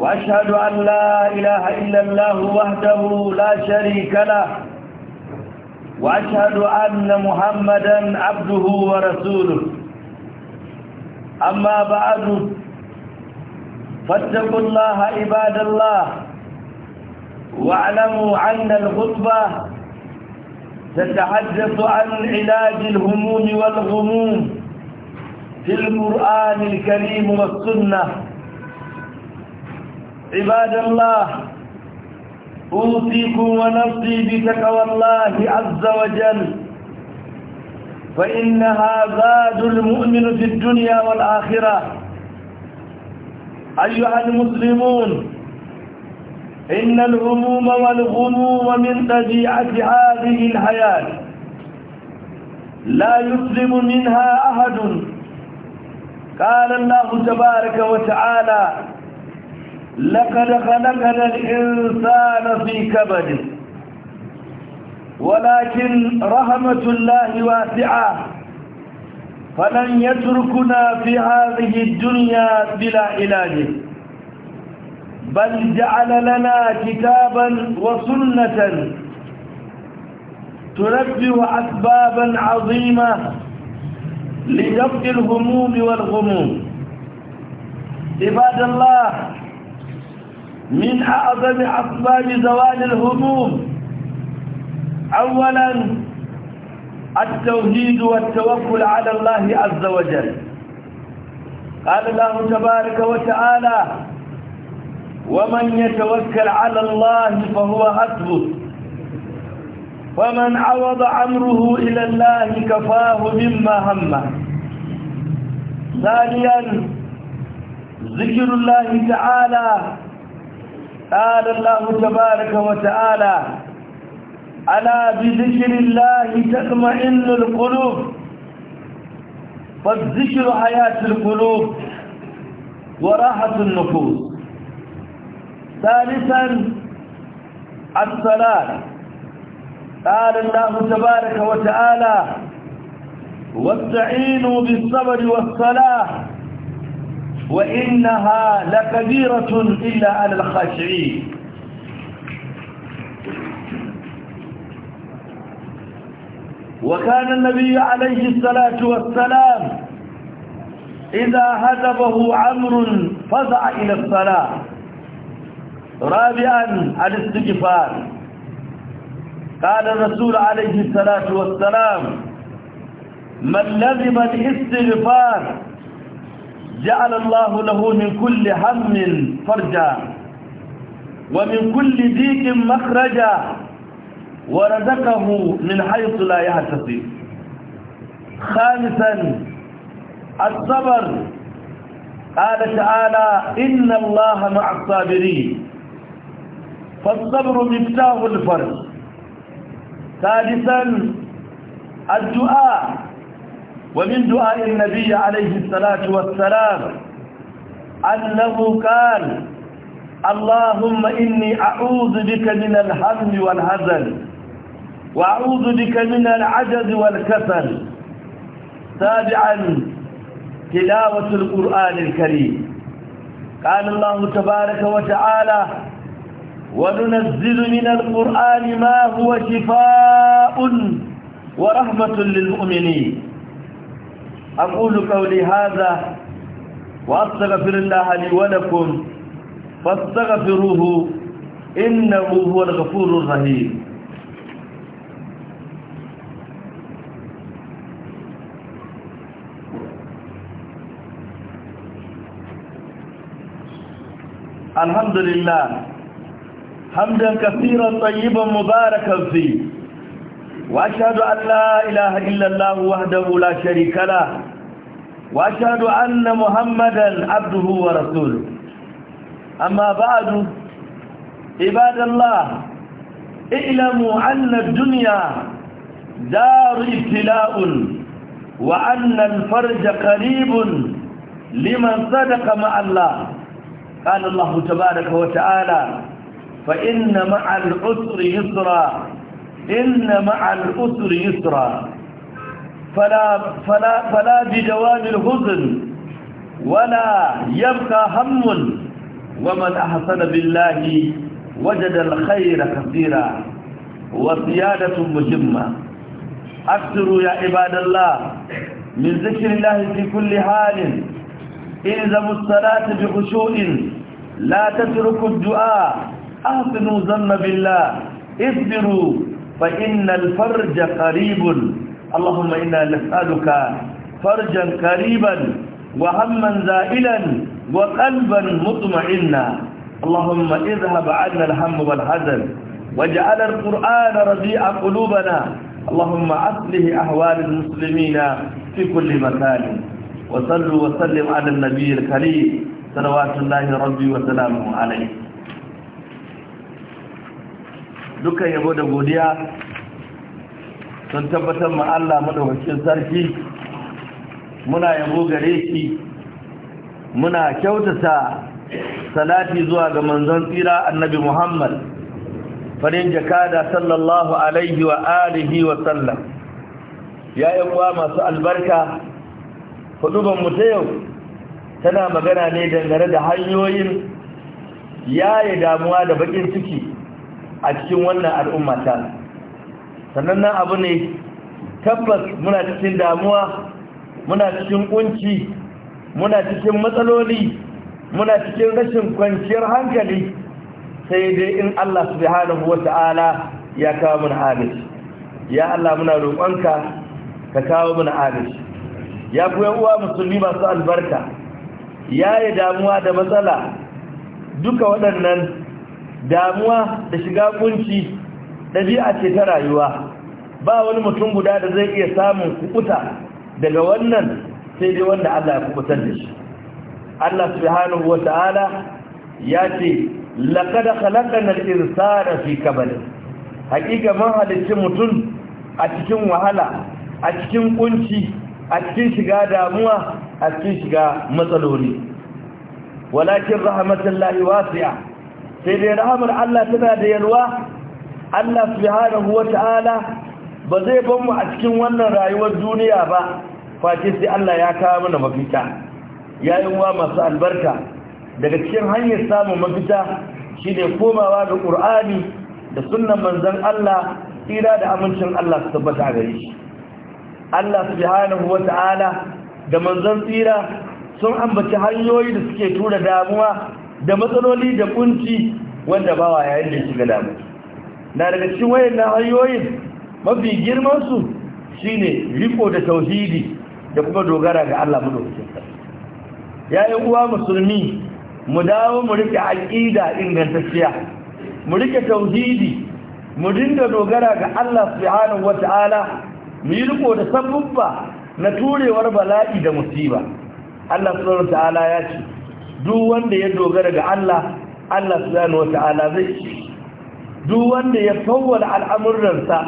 وأشهد أن لا إله إلا الله وحده لا شريك له وأشهد أن محمدا عبده ورسوله أما بعد فاتقوا الله عباد الله واعلموا أن الخطبة تتحدث عن علاج الهموم والغموم في القرآن الكريم والسنة عباد الله أوصيكم ونفسي بتقوى الله عز وجل فإنها زاد المؤمن في الدنيا والآخرة أيها المسلمون إن الهموم والغموم من طبيعة هذه الحياة لا يسلم منها أحد قال الله تبارك وتعالى لقد خلقنا الإنسان في كبد ولكن رحمة الله واسعة فلن يتركنا في هذه الدنيا بلا علاج بل جعل لنا كتابا وسنة تنبه أسبابا عظيمة لدفع الهموم والغموم عباد الله من أعظم أسباب زوال الهموم أولا التوحيد والتوكل على الله عز وجل قال الله تبارك وتعالى ومن يتوكل على الله فهو حسبه ومن عوض أمره إلى الله كفاه مما همه ثانيا ذكر الله تعالى قال الله تبارك وتعالى ألا بذكر الله تطمئن القلوب فالذكر حياة القلوب وراحة النفوس ثالثا الصلاة قال الله تبارك وتعالى واستعينوا بالصبر والصلاة وإنها لكبيرة إلا على الخاشعين وكان النبي عليه الصلاة والسلام إذا هدبه عمر فزع إلى الصلاة رابعا الاستغفار قال الرسول عليه الصلاة والسلام من لزم الاستغفار جعل الله له من كل هم فرجا ومن كل ديك مخرجا ورزقه من حيث لا يحتسب خامسا الصبر قال تعالى إن الله مع الصابرين فالصبر مفتاح الفرج ثالثا الدعاء ومن دعاء النبي عليه الصلاة والسلام أنه كان اللهم إني أعوذ بك من الهم والهزل وأعوذ بك من العجز والكسل تابعا تلاوة القرآن الكريم قال الله تبارك وتعالى وننزل من القرآن ما هو شفاء ورحمة للمؤمنين أقول قولي هذا وأستغفر الله لي ولكم فاستغفروه إنه هو الغفور الرحيم الحمد لله حمدا كثيرا طيبا مباركا فيه وأشهد أن لا إله إلا الله وحده لا شريك له وأشهد أن محمدا عبده ورسوله أما بعد عباد الله اعلموا أن الدنيا دار ابتلاء وأن الفرج قريب لمن صدق مع الله قال الله تبارك وتعالى فإن مع العسر يسرا إن مع الأسر يسرا فلا, فلا, فلا بجواب الحزن ولا يبقى هم ومن أحسن بالله وجد الخير كثيرا وزيادة مهمة أكثروا يا عباد الله من ذكر الله في كل حال إلزموا الصلاة بخشوع لا تتركوا الدعاء أحسنوا ظن بالله اصبروا فإن الفرج قريب اللهم إنا نسألك فرجا قريبا وهما زائلا وقلبا مطمئنا اللهم اذهب عنا الهم والحزن واجعل القرآن ربيع قلوبنا اللهم أصله أحوال المسلمين في كل مكان وصلوا وسلم على النبي الكريم صلوات الله ربي وسلامه عليه dukkan yabo da godiya sun tabbatar ma Allah madaukakin sarki muna yabo gare shi muna kyautata salati zuwa ga manzon tsira annabi Muhammad farin jakada sallallahu alaihi wa alihi wa sallam ya yawa masu albarka huduban mu ta yau tana magana ne dangane da hanyoyin yaye damuwa da bakin ciki a cikin wannan al'umma ta sannan nan abu ne tabbas muna cikin damuwa muna cikin kunci muna cikin matsaloli muna cikin rashin kwanciyar hankali sai dai in Allah subhanahu wata'ala ya kawo mana agaji ya Allah muna roƙonka ka kawo mana agaji ya koyan uwa musulmi masu albarka ya yi damuwa da matsala duka waɗannan damuwa da shiga kunci ɗabi'a ce ta rayuwa ba wani mutum guda da zai iya samun kukuta daga wannan sai dai wanda Allah ya kukutar da shi Allah subhanahu wa ta'ala ya ce laqad khalaqna al-insana fi kabad hakika man halicci mutum a cikin wahala a cikin kunci a cikin shiga damuwa a cikin shiga matsaloli walakin rahmatullahi wasi'a sai dai rahamar Allah tana da yalwa Allah subhanahu wata'ala ba zai ban mu a cikin wannan rayuwar duniya ba Fati sai Allah ya kawo mana mafita yayin wa masu albarka daga cikin hanyar samun mafita shine komawa ga Qur'ani da sunnan manzon Allah tsira da amincin Allah su tabbata gare shi Allah subhanahu wata'ala da manzon tsira sun ambaci hanyoyi da suke tura damuwa da matsaloli da kunci wanda ba bawa yayin da shiga damu na daga cikin wayannan hanyoyin mafi girman su shine riko da tauhidi da kuma dogara ga Allah madaukakin sarki yayin uwa musulmi mu dawo mu rike aqida ingantacciya mu rike tauhidi mu dinga dogara ga Allah subhanahu wataala mu yi riko da sabubba na turewar bala'i da musiba Allah subhanahu wataala ya ce duk wanda ya dogara ga Allah Allah subhanahu wata'ala zai ci duk wanda ya fawwala al'amuransa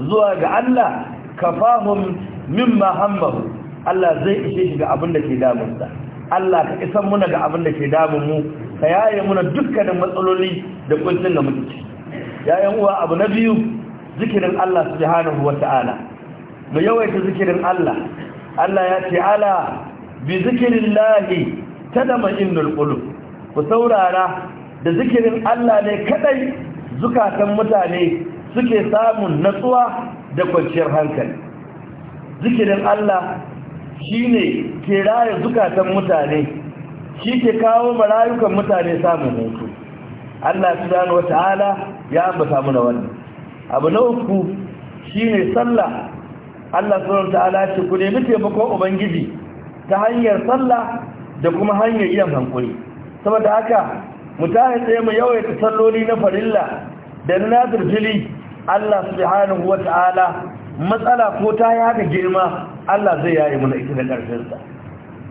zuwa ga Allah kafahum mimma hammahu Allah zai ishe shi ga abin da ke damunsa Allah ka isan muna ga abin da ke damun mu ka yaye muna dukkanin matsaloli da kuncin da muke yayan uwa abu na biyu zikirin Allah subhanahu wata'ala mu yawaita zikirin Allah Allah ya ce ala bi zikirillahi tadama innul qulub ku saurara da zikirin Allah ne kadai zukatan mutane suke samun natsuwa da kwanciyar hankali zikirin Allah shine ke raya zukatan mutane shi ke kawo marayukan mutane samun hutu Allah subhanahu wataala ya ambata mana wannan abu na uku shine sallah Allah subhanahu wataala ya ce ku nemi taimakon ubangiji ta hanyar sallah da kuma hanyar iya hankuri saboda haka mu tsaye mu yawaita salloli na farilla da na zirfili Allah subhanahu wa ta'ala matsala ko ta yi haka girma Allah zai yayi mana ita da ƙarfinsa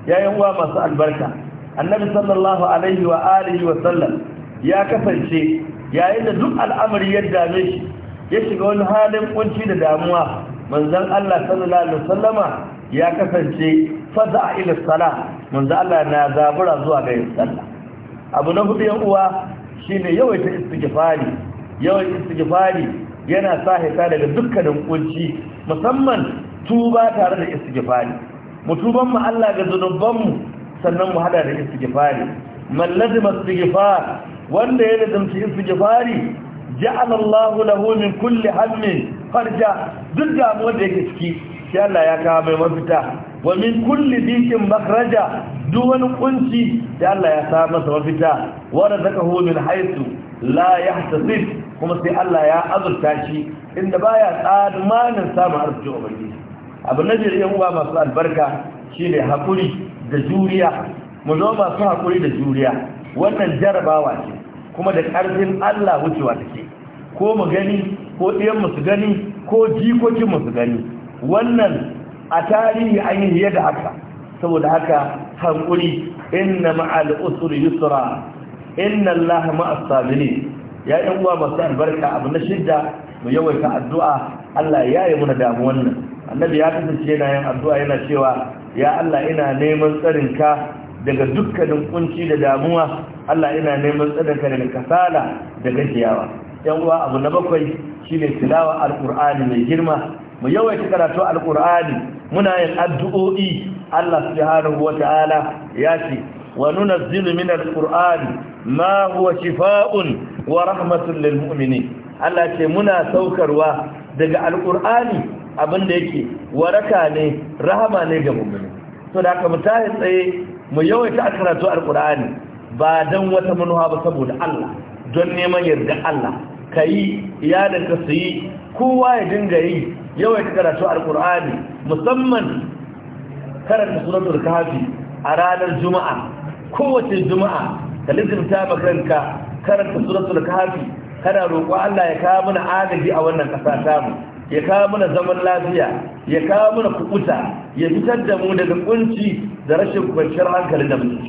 yayin uwa masu albarka annabi sallallahu alaihi wa alihi wa sallam ya kasance yayin da duk al'amari ya dame shi ya shiga wani halin kunci da damuwa manzon Allah sallallahu alaihi wasallama ya kasance a ila sala manzon Allah na zabura zuwa ga sallah abu na hudu yan uwa shine yawaita istighfari yawan istighfari yana sa hita daga dukkanin kunci musamman tuba tare da istighfari mu tuban mu Allah ga zunuban sannan mu hada da istighfari man lazima wanda ya lazimci istighfari ja'ala Allahu lahu min kulli hammin farja duk damuwar da yake ciki sai Allah ya kawo mai mafita wa min kulli dhikin makhraja duk wani kunci sai Allah ya sa masa mafita wa razaqahu min haythu la yahtasib kuma sai Allah ya azurta shi inda baya tsadmanin samun arziki ubangiji abu na jiri yan uwa masu albarka shine hakuri da juriya mu zo masu hakuri da juriya wannan jarabawa ce kuma da ƙarfin Allah wucewa take ko mu gani ko ɗiyanmu su gani ko jikokinmu su gani wannan a tarihi an yi da haka saboda haka hankuri inna ma'al usri yusra inna allaha ma'as sabirin ya yan uwa masu albarka abu na shidda mu yawaita addu'a Allah ya yi muna damu wannan annabi ya kasance yana yin addu'a yana cewa ya Allah ina neman tsarin ka daga dukkanin kunci da damuwa Allah ina neman ka daga kasala da gajiyawa yan uwa abu na bakwai shi ne tilawa Alƙur'ani mai girma mu yawaita karatu Alƙur'ani muna yin addu'o'i Allah subhanahu Ta'ala ya ce wa nuna min alqur'ani ma huwa shifa'un wa rahmatun lil Allah ce muna saukarwa daga abin da yake waraka ne rahama ne ga mu'mini to da haka mutu ta tsaye mu yawaita karatu Alƙur'ani, ba don wata manuwa ba saboda Allah don neman yarda Allah ka yi iyalinka su yi kowa ya dinga yi yawaita karatu Al-Ƙur'ani musamman karanta suratul kafi a ranar juma'a kowace juma'a ka lizimta makaranta karanta suratul kafi kana roƙo Allah ya kawo mana agaji a wannan ƙasa tamu ya kawo mana zaman lafiya ya kawo mana kuɓuta ya fitar da mu daga kunci da rashin kwanciyar hankali da mu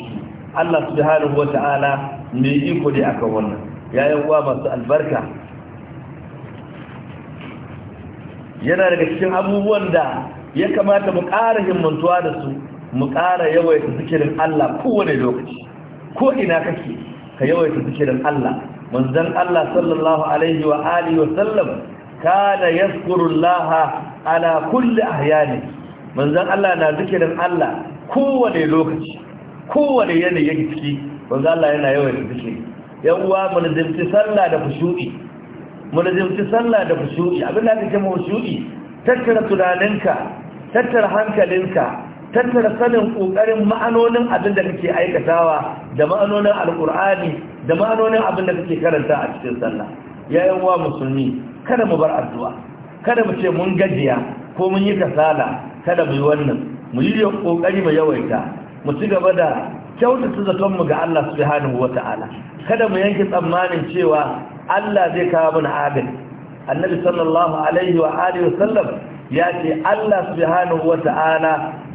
Allah subhanahu wa ta'ala mai iko da aka wannan yayin uwa masu albarka yana daga cikin abubuwan da ya kamata mu ƙara himmantuwa da su mu ƙara yawaita zikirin Allah kowane lokaci ko ina kake ka yawaita zikirin Allah manzon Allah sallallahu alaihi wa alihi wa sallam kana yazkurullaha ala kulli ahyani manzon Allah na zikirin Allah kowane lokaci kowane yanayi yake ciki manzon Allah yana yawaita zikiri yawwa mulzimci sallah da fushu'i mulzimci sallah da fushu'i abin da ake kama fushu'i tattara tunaninka tattara hankalinka tattara sanin kokarin ma'anonin abin da kake aikatawa da ma'anonin alƙur'ani, da ma'anonin abin da kake karanta a cikin sallah yayin uwa musulmi kada mu bar addu'a kada mu ce mun gajiya ko mun yi kasala kada mu yi wannan mu yi kokari mu yawaita mu ci gaba da kyautata zatonmu ga Allah subhanahu wata'ala kada mu yanke tsammanin cewa Allah zai kawo mana agaji annabi sallallahu alaihi wa alihi wasallam ya ce Allah subhanahu wata'ala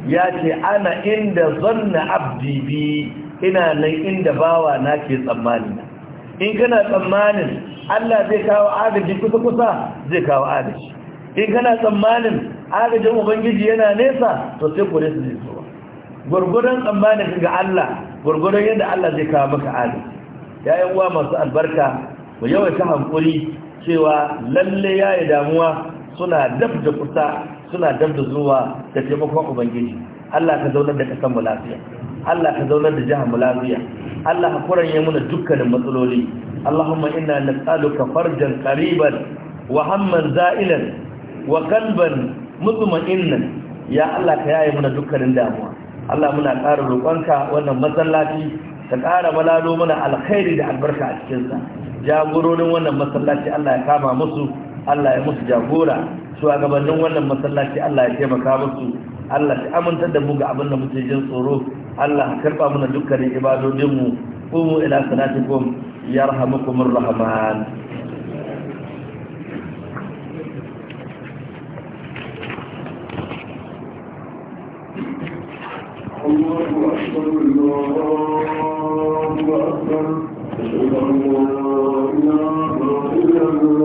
ya ce ana inda zanna abdi bi ina nan inda bawa na ke tsammani in kana tsammanin Allah zai kawo agaji kusa kusa zai kawo agaji in kana tsammanin agajin ubangiji yana nesa to sai ku nesa gwargwadon tsammanin ga Allah gwargwadon yadda Allah zai kawo maka ya yi uwa masu albarka mu yawaita hankuri cewa lalle yi damuwa suna dab da kusa suna dab da zuwa da taimakon ubangiji Allah ka zaunar da kasan mu lafiya Allah ka zaunar da jihar mu lafiya Allah hakuran ya muna dukkanin matsaloli Allahumma inna nas'aluka farjan qariban wa hamman za'ilan wa qalban mutma'innan ya Allah ka yaye muna dukkanin damuwa Allah muna ƙara roƙonka wannan masallaci ta ƙara malalo mana alkhairi da albarka a cikinsa jagororin wannan masallaci Allah ya kama musu Allah ya musu jagora shugabannin wannan masallaci Allah ya taimaka musu Allah ya aminta da mu ga abin da muke jin tsoro Allah ya karɓa mana dukkanin mu قوموا ila salatikum yarhamukumur rahman الله أكبر أشهد أن لا إله إلا الله